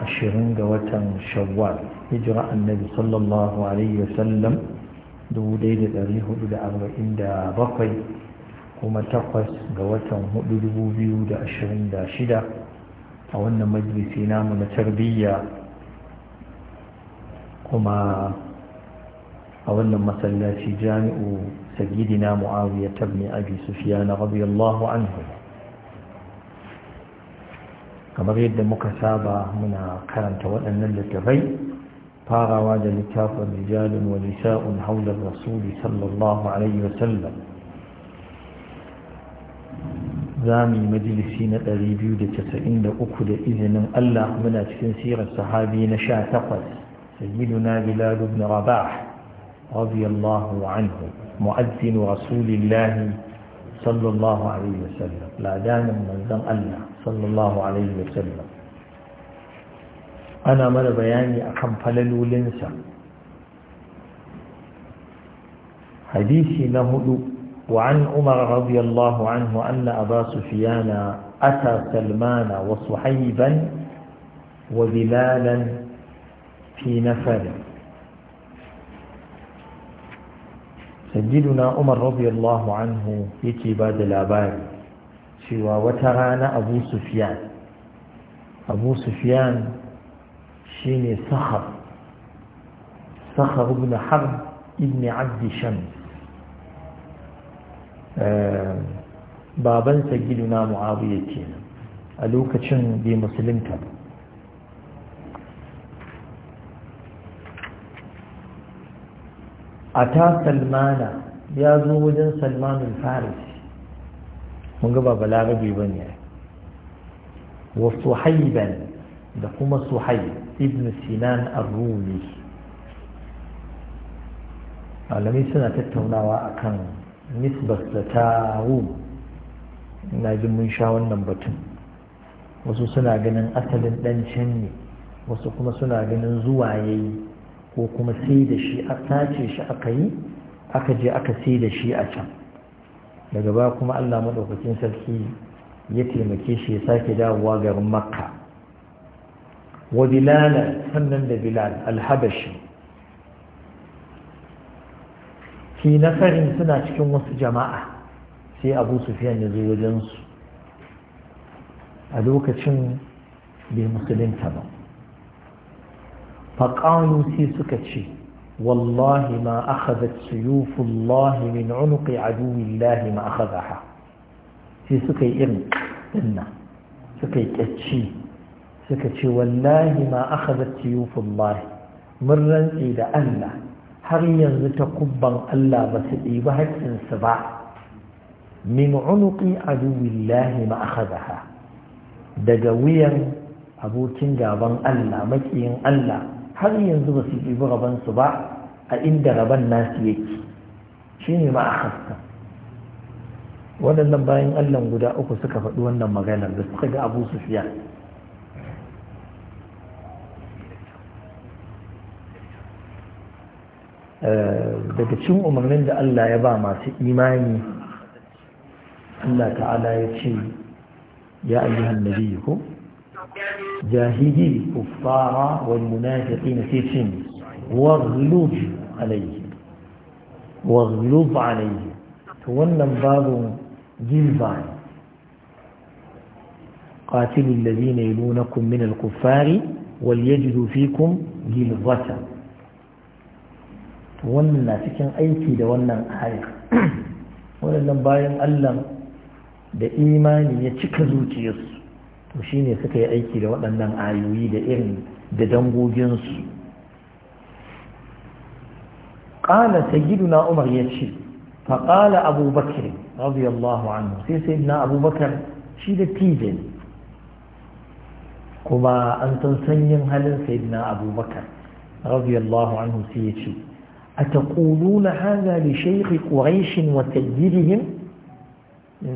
ashirin ga watan shawwal hijira annabi sallallahu alaihi wasallam bakwai kuma takwas ga watan shida a wannan majalisi namu na tarbiyya kuma a wannan masallaci jami'u sagidina mu'awiyar tabni abi sufiyana radiyallahu anhu kamar yadda muka saba muna karanta waɗannan littafai farawa da littafin rijalin wa nisa'un haular rasuli sallallahu alaihi wasallam za mu yi majalisi na 293 da izinin Allah muna cikin sirar sahabi na 18 sayyiduna bilal ibn rabah radiyallahu anhu mu'azzin rasulillahi صلى الله عليه وسلم لا دان من زم الله صلى الله عليه وسلم أنا مر بياني أكم فللو لنسا حديثي نهد وعن عمر رضي الله عنه أن أبا سفيان أتى سلمان وصحيبا وبلالا في نفر sajiduna umar radiyallahu anhu yake ba da labari cewa wata rana abu sufiyan abu sufiyan shine sahab sahab ibn harb ibn abdi shams eh, baban sajiduna mu'awiyya kenan a lokacin da musulunta ba ata salmana ya zo wajen salmanul faris mun ga ba balarabe ba ne wa suhaiban da kuma suhaib ibn sinan ar-rumi malamai suna tattaunawa akan nisbar da ta rum ina mun sha wannan batun wasu suna ganin asalin dan can ne wasu kuma suna ganin zuwa yayi ko kuma sai da shi a tace shi aka yi aka je aka sai da shi a can daga ba kuma allah maɗaukacin sarki ya taimake shi ya sake dawowa garin makka wa bilal sannan da bilal alhabashi fi nasarin suna cikin wasu jama'a sai abu sufiyan ya zo wajensu a lokacin bai musulunta ba faƙalu sai suka ce wallahi ma akhadhat suyufullahi min unuqi aduwillahi ma akhadhaha sai suka yi irin dinna suka yi kyacci wallahi ma akhadhat suyufullahi mun rantsi da Allah har yanzu ta kubban Allah ba su ɗibi haƙƙinsu ba min unuqi aduwillahi ma akhadhaha daga wuyan abokin gaban Allah makiyin Allah har yanzu ba su ɗibi su ba a inda raban nasu yake shi ne haska waɗannan bayan allon guda uku suka faɗi wannan maganar da suka ga abu su fiya eh, daga cin umarnin da allah ya ba masu imani allah ta'ala ya ce ya ayyuhan nabiyyu ko جاهدي الكفار والمنافقين في السن واغلظ عليه واغلظ عليه تولى باب جلبان قاتل الذين يلونكم من الكفار وليجدوا فيكم جلظة wannan cikin aiki da wannan ayar waɗannan bayan allah da imani ya cika zuciyarsu to shi ne suka yi aiki da waɗannan ayoyi da irin da dangoginsu ƙala sayidu na umar ya ce fa ƙala abubakar radiyallahu anhu sai sai na abubakar shi da tije kuma an san sanyin halin sayidina abubakar radiyallahu anhu sai ya ce a ta ƙununa haza da shaikhi ƙuraishin wata gidihin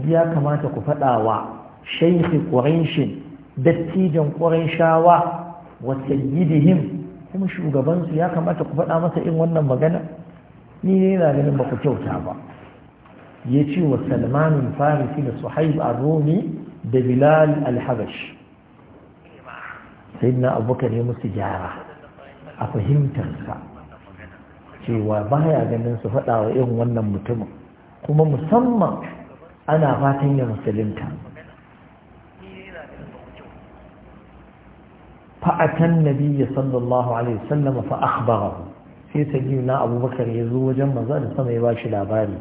ya kamata ku faɗawa wa shaikhi dattijan shawa wa sayyidihim kuma shugabansu ya kamata ku faɗa masa irin wannan magana ni ne yana ganin ba ku kyauta ba ya ce wa salmanin farisi da suhaib a romi da bilal alhabash sai na abokan ya musu gyara a fahimtarsa cewa baya ganin su faɗa wa irin wannan mutumin kuma musamman ana fatan ya musulunta فأتى النبي صلى الله عليه sallama فأخبره sai na abubakar ya zo wajen maza da sama ya ba shi labari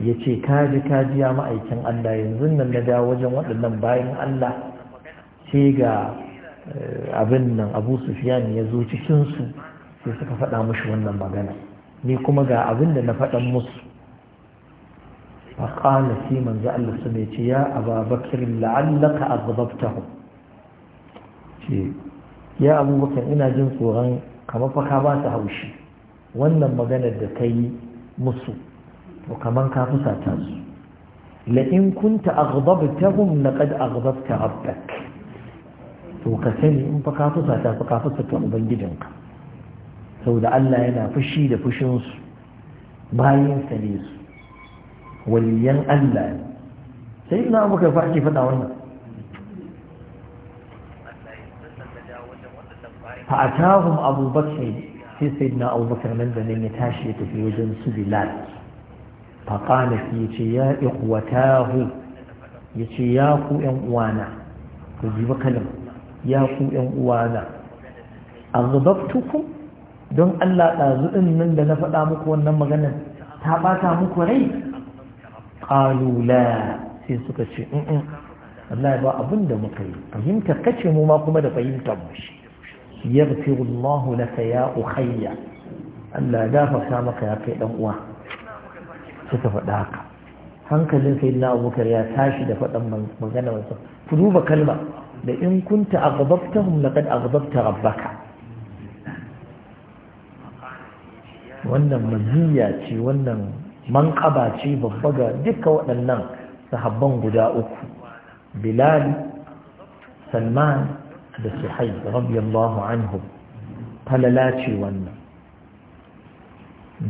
ya ce kaji kaji ya ma'aikin allah yanzu nan na dawo wajen waɗannan bayan allah sai ga abin nan abu sufiyan ya zo cikinsu sai suka faɗa mushi wannan magana ni kuma ga abin da na faɗan musu faƙala sai manzo allah su mai ce ya ababakar la'allaka azabtahu ce ya abubakar ina jin tsoron kamar fa ba su haushi wannan maganar da ka yi musu to kamar ka fusata su la'in kunta aghdabtahum laqad aghdabta rabbak to ka sani in fa ka fusata fa ka fusata ubangijinka saboda Allah yana fushi da fushin su bayan sa ne su waliyan Allah sai ina abubakar fa ake faɗa wannan fa a tahum abu sai sai na abu nan da nan ya tashi ya tafi wajen su bilal fa kana shi ya ce ya ikwatahu ya ce ya ku yan uwana ku ji bakalin ya ku yan uwana an zubtukum don Allah ɗazu zuɗin nan da na faɗa muku wannan maganar ta ɓata muku rai qalu la sai suka ce in in Allah ba abinda muka yi fahimta kace mu ma kuma da fahimtar mu shi يغفر الله لك يا أخي ألا دافع سامك يا كي أموه ستفداك هنك لن سيدنا أبو بكر يا تاشد فتن مغنى وصف فدوب كلمة لإن كنت أغضبتهم لقد أغضبت ربك wannan maziya ce wannan manƙaba ce babba ga duka waɗannan sahabban guda uku bilal salman da suhai radiyallahu anhu falala ce wannan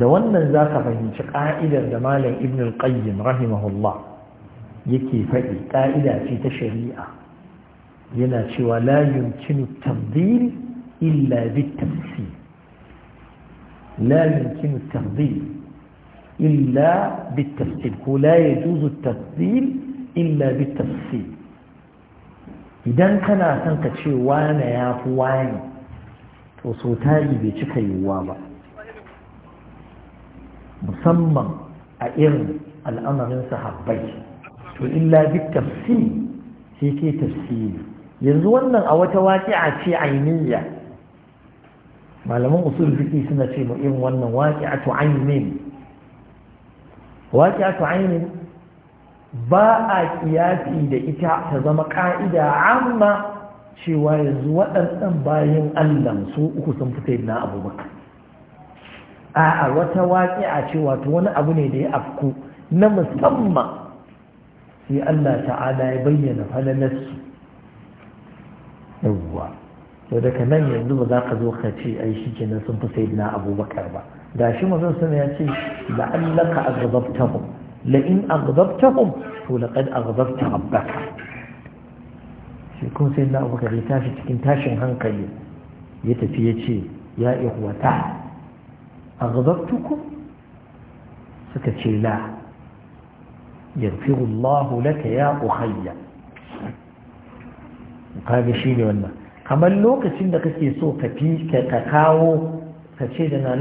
da wannan za ka fahimci ƙa'idar da malam ibn al-qayyim rahimahullah yake faɗi ƙa'ida ce ta shari'a yana cewa la yumkinu tabdil illa bitamsi la illa bitamsi ko la yajuzu tabdil illa bitamsi idan kana son ka ce wane ya fi wane to so tari bai cika yiwuwa ba musamman a irin al'amarin sahabbai to illa bi tafsiri sai ke tafsiri yanzu wannan a wata waƙi'a ce ainihya malaman usul fiqi suna ce mu irin wannan waƙi'atu ainin waƙi'atu ainihin. ba a kiyasi da ita ta zama ka'ida amma cewa yanzu waɗannan bayan Allah su uku sun fita na abubakar a wata a ce wato wani abu ne da ya afku na musamman sai Allah ta'ala ya bayyana falalarsu yawwa to daga nan yanzu ba za ka zo ka ce ai shi kenan sun fi sai na abubakar ba da shi mazan suna ya ce la'allaka a gababtahu لئن أغضبتهم فلقد أغضبت ربك سيكون سيدنا أبو بكر يتاشي تكنتاشي تاشي هنقلي يتفي يا إخوتا أغضبتكم سكتشي لا يغفر الله لك يا أخي قال شيني وانا كما لو da kake so ka fi ka kawo ka ce da na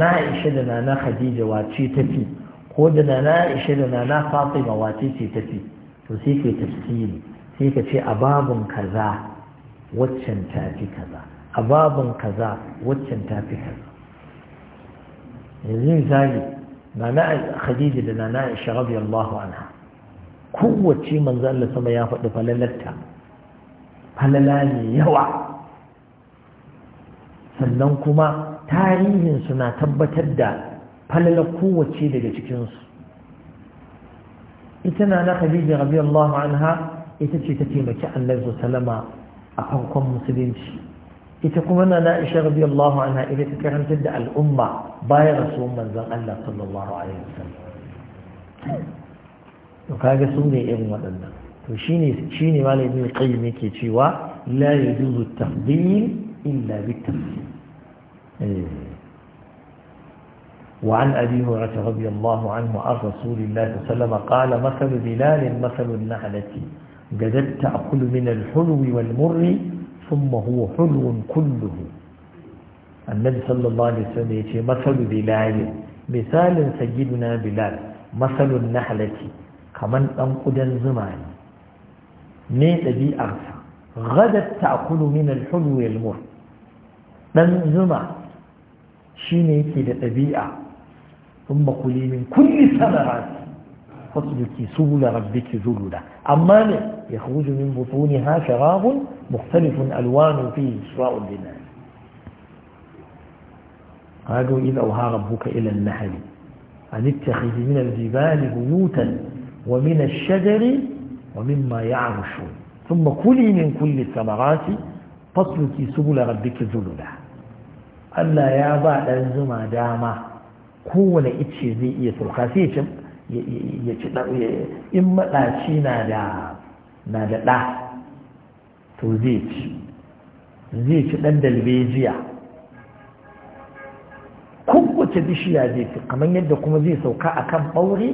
na aisha ko da na ishe da na na ba wace ce tafi to sai kai tafsiri sai ka ce a kaza waccan tafi kaza a kaza waccan tafi kaza yanzu misali na na khadija da na na ishe radiyallahu anha kowace manzo Allah sama ya faɗi falalarta falala ne yawa sannan kuma tarihin suna tabbatar da falala kowace daga cikinsu ita na na khadija radiyallahu anha ita ce ta taimaki annabi sallama a farkon musulunci ita kuma na Aisha radiyallahu anha ita ta karantar da al'umma bayan rasuwan manzon Allah sallallahu alaihi wasallam to kaga su ne irin waɗannan to shine shine malai ibn qayyim yake cewa la yajuzu at-tafdil illa bi tafsil eh. وعن أبي هريرة رضي الله عنه عن رسول الله صلى الله عليه وسلم قال مثل بلال مثل النعلة جدت تأكل من الحلو والمر ثم هو حلو كله النبي صلى الله عليه وسلم يتي مثل بلال مثال سيدنا بلال مثل النحلة كمن أنقد الزمان نيت بي أغفى غدت تأكل من الحلو والمر من زمان شيني كده طبيعة ثم كلي من كل الثمرات فاسلكي سبل ربك ذللا أما يخرج من بطونها شراب مختلف ألوان فيه شراء للناس قالوا إذ أوها ربك إلى النحل أن اتخذ من الجبال بيوتا ومن الشجر ومما يعرشون ثم كلي من كل الثمرات فاسلكي سبل ربك ذللا ألا يا بعد الزما داما kowane ice zai iya sauka sai ya ci in maɗaci na da ɗa to zai ci zai ci ɗan dalbejiya kowace bishiya zai ci kamar yadda kuma zai sauka kan ɓaure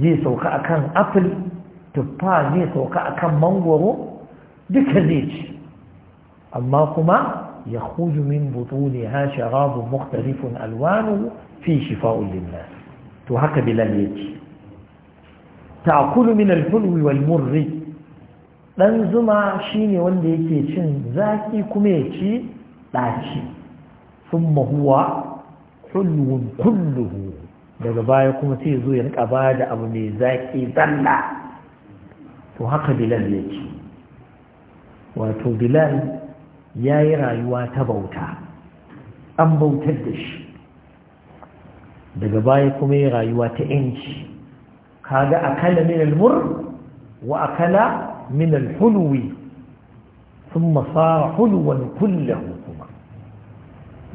zai sauka kan apple tuffa zai sauka akan mangoro duka zai ci amma kuma يخرج من بطونها شراب مختلف ألوانه فيه شفاء للناس تهك بلاليتي تأكل من الحلو والمر Ɗan zuma shine wanda yake cin zaki kuma ya ci ɗaci thumma huwa hulwun daga baya kuma sai zo ya rika ba da abu mai zaki zalla to haka bilal yake wato bilal ya yi rayuwa ta bauta an bautar da shi daga baya kuma ya rayuwa ta yanci kaga akala min almur wa akala min alhulwi thumma sara hulwan kullahu kuma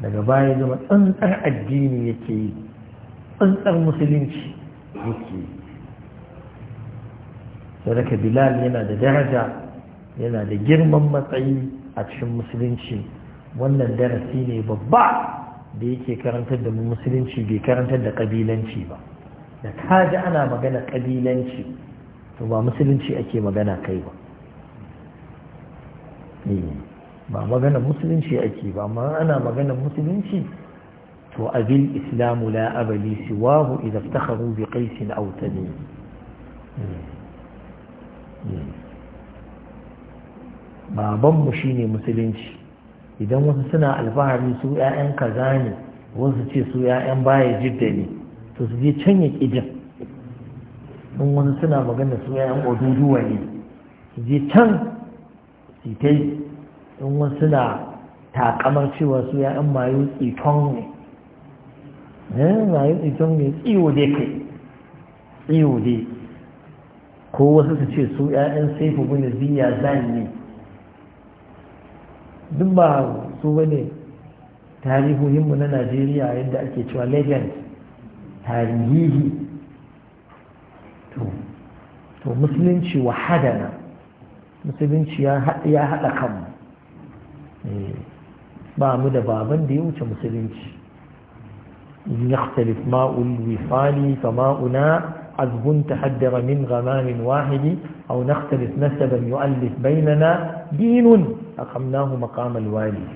daga baya zama tsantsar addini yake yi tsantsar musulunci yake yi sadaka bilal yana da daraja yana da girman matsayi a cikin musulunci wannan darasi ne babba da yake karantar da musulunci bai karantar da kabilanci ba da ta kaji ana magana kabilanci to ba musulunci ake magana kai ba eh, ba magana musulunci ake ba amma ana magana musulunci to abil islamu la abali siwahu idan ta bi qaisin aw tamim eh, eh. babanmu shine musulunci idan wasu suna alfahari su 'ya'yan kaza ne wasu ce su 'ya'yan baya jidda ne to su je can ya in wasu suna magana su 'ya'yan oduduwa ne su je can su ta yi in wasu suna takamar cewa su 'ya'yan mayu tsiton ne eh, mayu tsiton ne tsiwo dai kai tsiwo dai ko wasu su ce su 'ya'yan saifu bin ziya zan ne duk ba su bane tarihohinmu na najeriya yadda ake cewa legend tarihi to musulunci wahadana musulunci ya haɗa kanmu ba mu da baban da ya wuce musulunci in yaxtalif ma'ul wisali fa ma'una عذب تحدر من غمام واحد أو نختلف نسبا يؤلف بيننا دين أقمناه مقام الوالي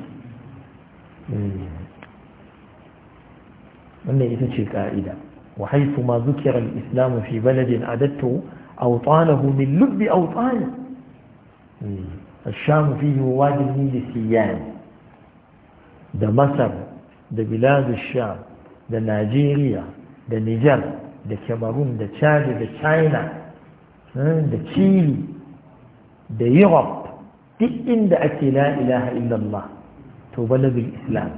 من يتشي قائدة وحيث ما ذكر الإسلام في بلد أددت أوطانه من لب أوطان الشام فيه وادي النيل السيان ده مصر ده بلاد الشام ده نيجيريا ده نيجر ده كاميرون ده تشاد ده تشاينا ده تشيلي ده يوروب duk inda ake la ilaha illallah to balagul islam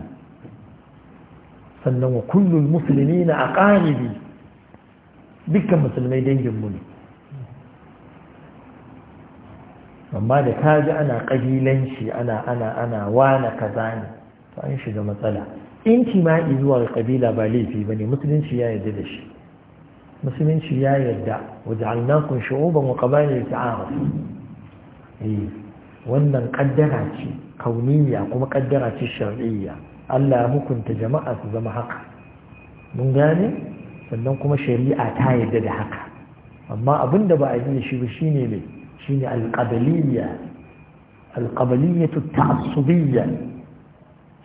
sannan wa kullum musulmi na a ƙanibi dukkan musulmai danginmu ne amma da ta ji ana ƙabilanci ana ana ana wane kaza ne to an shiga matsala in kima'i zuwa ga ƙabila ba laifi ba ne musulunci ya yarda da shi musulunci ya yarda wajen annakun shi'uban wa ƙabalar ta'aruf eh. wannan kaddara ce kauniya kuma kaddara ce shar'iyya Allah ya hukunta jama'a su zama haka mun gane sannan kuma shari'a ta yarda da haka amma abin da ba a yi shi ba shine ne shine alqabaliyya alqabaliyyatu ta'assubiyya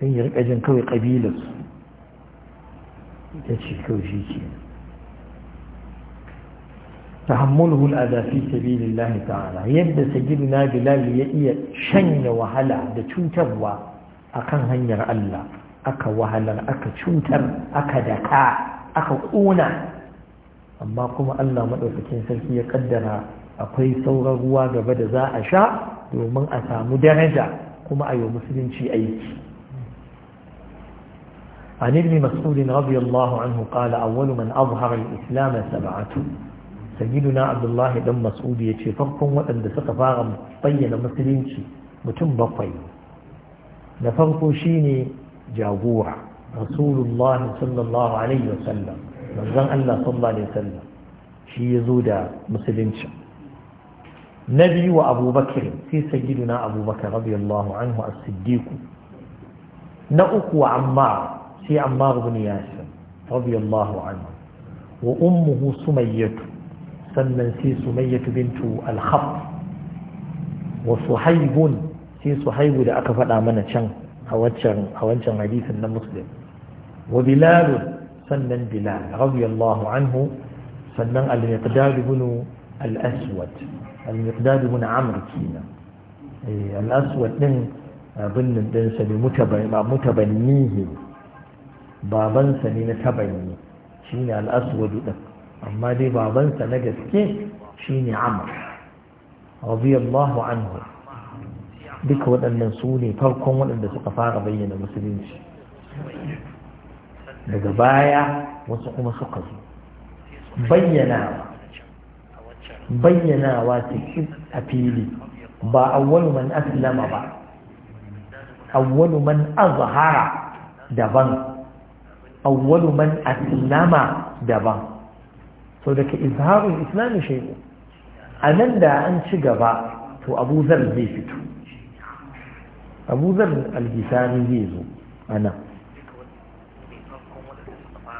Sun yi rika jin kawai kabilar Ita ce kawai shi kenan hul a fi sabilillahi ta'ala yadda sayyidina bilali ya iya shanya wahala da cutarwa akan hanyar Allah aka wahalar aka cutar aka daka aka ƙuna amma kuma Allah madaukakin sarki ya kaddara akwai sauran ruwa gaba da za a sha domin a samu daraja kuma a yi musulunci aiki عن ابن مسعود رضي الله عنه man أول من أظهر الإسلام سبعة sayyiduna abdullahi dan mas'udi ya ce farkon waɗanda suka fara bayyana musulunci mutum bakwai na farko shine jagora rasulullahi sallallahu alaihi wasallam manzon Allah sallallahu alaihi wasallam shi ya zo da musulunci na biyu wa abubakar sai sayyiduna abubakar radiyallahu anhu as-siddiq na uku wa ammar sai ammar ibn yasir radiyallahu anhu wa ummuhu sumayyatu sannan sai sumayyatu bintu al-khaf wa suhaibun sai suhaibu da aka faɗa mana can a wancan hadisin na muslim wa bilalu sannan bilal radiyallahu anhu sannan al-miqdad ibn al-aswad al-miqdad ibn amr kina eh, al-aswad din abin nan din sa ne mutabannihi babansa ne na tabanni shine al-aswad din amma dai babansa na gaske shine amr radiyallahu anhu duka waɗannan su ne farkon waɗanda suka fara bayyana musulunci daga baya wasu kuma suka zo bayyanawa bayyanawa cikin a fili ba awwalu man aslama ba awwalu man azhara daban awwalu man aslama daban sau daga izharun islami shaidu a nan da an ci gaba to abu zar zai fito abu zar alhisani zai zo a nan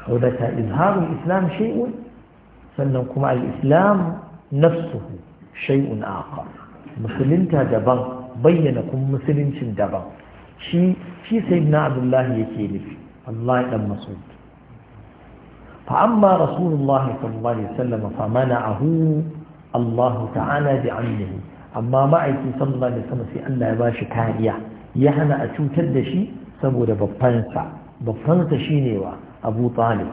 sau daga izharun islam shaidu sannan kuma al'islam nafsuhu shai'un aka musulunta daban bayyana kuma musuluncin daban shi sai na abdullahi yake nufi Allah ya dan masu فأما رسول الله صلى الله عليه وسلم فمنعه الله تعالى بعمله أما معك صلى الله عليه وسلم في أن لا يباش كارية يهنا أتوكر دشي سبو ببانسا ببانسا شينيوا أبو طالب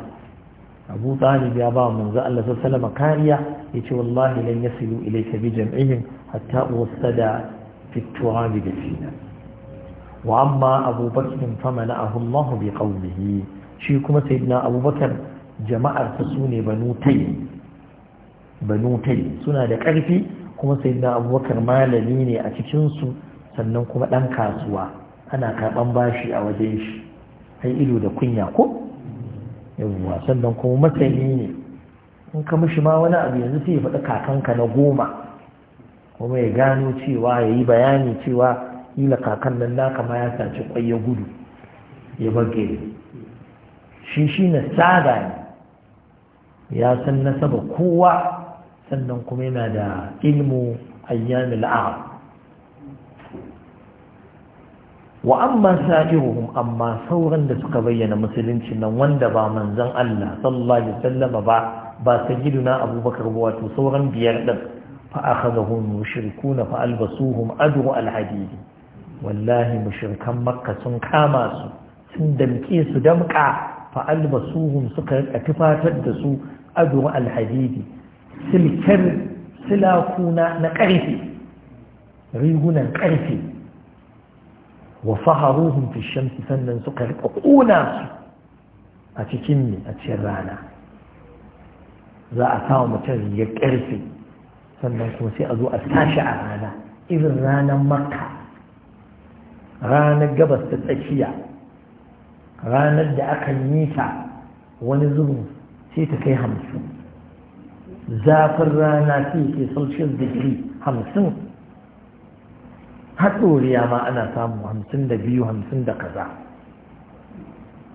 أبو طالب يا بابا من زال الله صلى الله عليه وسلم كارية يتي والله لن يصلوا إليك بجمعهم حتى أوصد في التراب دفينا وأما أبو بكر فمنعه الله بقوله شيكم سيدنا أبو بكر jama'ar ta su ne banu suna da ƙarfi kuma sai sayyidina abubakar malami ne a cikin su sannan kuma ɗan kasuwa ana karɓan bashi a wajen shi ai ido da kunya ko yawwa sannan kuma masani ne in ka mishi ma wani abu yanzu sai ya faɗi kakanka na goma kuma ya gano cewa ya yi bayani cewa ila kakan nan naka ma ya saci kwai ya gudu ya bage shi shi na tsada ne ya san nasaba kowa sannan kuma yana da ilmu ayyamil arab wa amma sa'iruhum amma sauran da suka bayyana musulunci nan wanda ba manzon Allah sallallahu alaihi wasallam ba ba sayyiduna abubakar ba wato sauran biyar din fa akhadhahum mushrikuna fa albasuhum adru alhadidi wallahi mushrikan makka sun kama su sun damke su damka fa albasuhum suka tufatar da su أدوغ الحديد سلكر سلافونا نقرفي ريغونا نقرفي وصهروهم في الشمس فنن سقر أقونا أتكني أتشرانا لا أتاو متري يكرفي فنن سمسي أدو أتاشع رانا إذ رانا مكة رانا قبس تتأشيع رانا دعاك النيسع ونزلوا sai ta kai hamsin zafin rana sai ke celsius digiri hamsin haɗoriya ma ana samu hamsin da biyu hamsin da kaza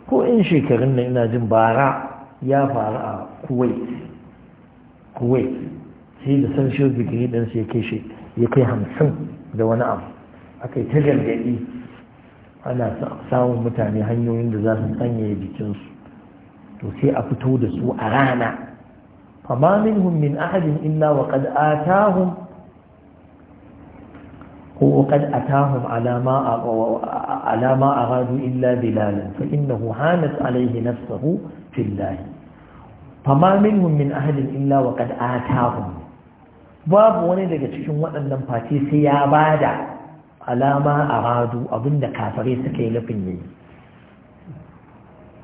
ko in shekarun nan ina jin bara ya faru a kuwait kuwait sai da celsius digiri ɗin sai kai shi ya kai hamsin da wani abu aka yi ta gargaɗi ana samun mutane hanyoyin da za su sanya jikinsu to sai a fito da su a rana fama minhum min ahadin illa wa qad atahum ko qad atahum alama alama aradu illa bilalan fa innahu hanat alayhi nafsuhu fillah fama minhum min ahadin illa wa qad atahum babu wani daga cikin waɗannan Fati sai ya bada alama aradu abinda kafare suka yi lafin yi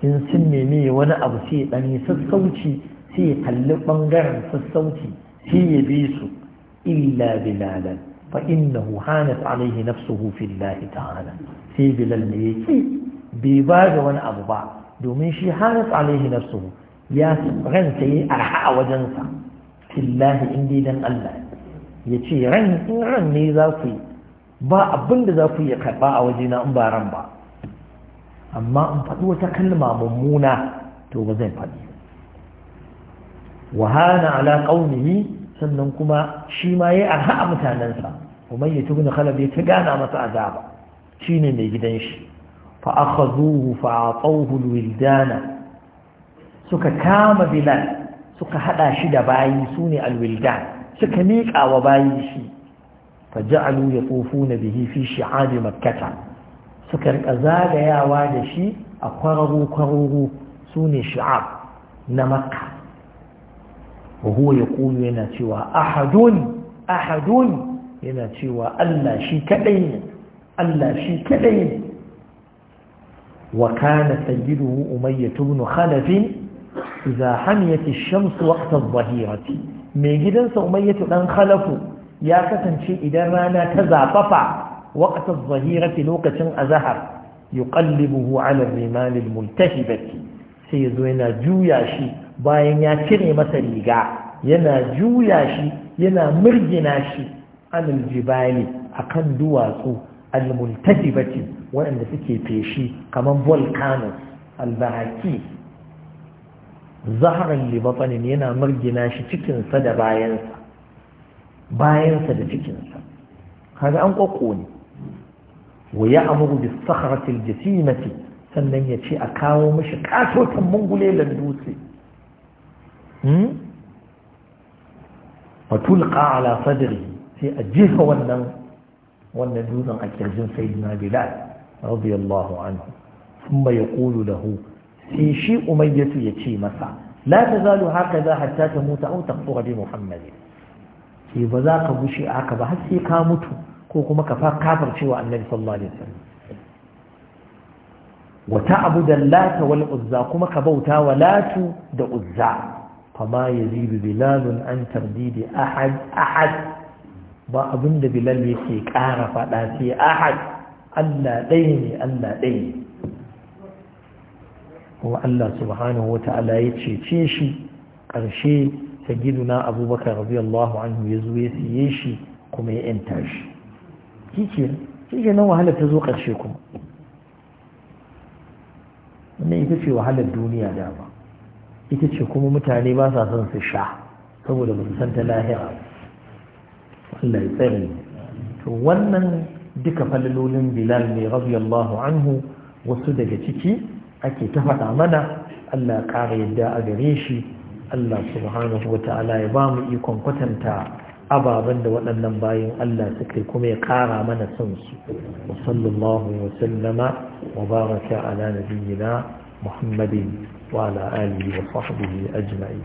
in sun nemi wani abu sai dan yi sassauci sai ya kalli ɓangaren sassauci sai ya bi su illa bilalan fa innahu hanat alaihi nafsuhu fillahi ta'ala sai bilal ne yake bai ba da wani abu ba domin shi hanat alaihi nafsuhu ya ransa yi arha a wajensa fillahi in dan Allah ya ce ran in ran ne za ku yi ba abin da za ku iya karɓa a wajena in ba ran ba amma in faɗi wata kalma mummuna to ba zai faɗi wahana ala ƙaunihi sannan kuma shi ma ya arha a mutanensa kuma ya tubi na khalab ya ta gana masa azaba shi ne mai gidan shi fa akhazuhu fa atawhu alwildana suka kama bilal suka hada shi da bayi sune alwildan suka miƙa wa bayi shi fa ja'alu yatufuna bihi fi shi'abi makkah suka rika zagayawa da shi a kwararru-kwararru su ne shi'ar na makka ruhuwa ya kuyo yana cewa ahadoni ahadoni yana cewa allah shi kadai ne allah shi kadai ne wa kana sayyidu umayyatu ibn khalaf idza hamiyat ash-shams waqt adh-dhahirati mai gidansa umayyatu dan khalaf ya kasance idan rana ta zafafa waƙatar zahirati lokacin azahar yuqallibuhu ala rimalil multahibati sai yazo yana juya shi bayan ya cire masa riga yana juya shi yana murgina shi anil jibali kan duwatsu al multahibati waɗanda suke feshi kamar volcano al bahaki zaharan libatanin yana murgina shi cikinsa da bayansa bayansa da cikinsa kaga an ƙoƙo ne wa ya'muru bis sahrati al-jasimati sannan ya ce a kawo mashi katotan mungulelan dutse hmm? fatulqa ala sadri sai a jefa wannan wannan dutsen a kirjin sayyidina bilal radiyallahu anhu thumma yaqulu lahu sai shi umayyatu ya ce masa la haka hakaza hatta tamuta aw taqfu bi muhammadin ba za ka bushe haka ba har sai ka mutu ko kuma ka kafar cewa annabi sallallahu alaihi wasallam wa ta'budu lata wal uzza kuma ka bauta wa latu da uzza fama yazidu bilal an tardidi ahad ahad ba abinda bilal yake ƙara faɗa sai ahad Allah ɗaya ne Allah ɗaya ne kuma Allah subhanahu wata'ala ya cece shi ƙarshe giduna abubakar radiyallahu anhu ya zo ya siye shi kuma ya 'yanta shi shi ce shi ke nan wahalar ta zo ƙarshe kuma wannan ita ce wahalar duniya dama ita ce kuma mutane ba sa son su sha saboda ba su san ta lahira Allah ya to wannan duka falalolin Bilal ne radiyallahu anhu wasu daga ciki ake ta faɗa mana Allah ƙara yadda a gare shi Allah subhanahu wa ta'ala ya ba mu ikon kwatanta ababen da waɗannan bayan Allah suke kuma ya ƙara mana son su sallallahu wa sallama wa baraka ala nabiyyina muhammadin wa ala alihi wa sahbihi ajma'in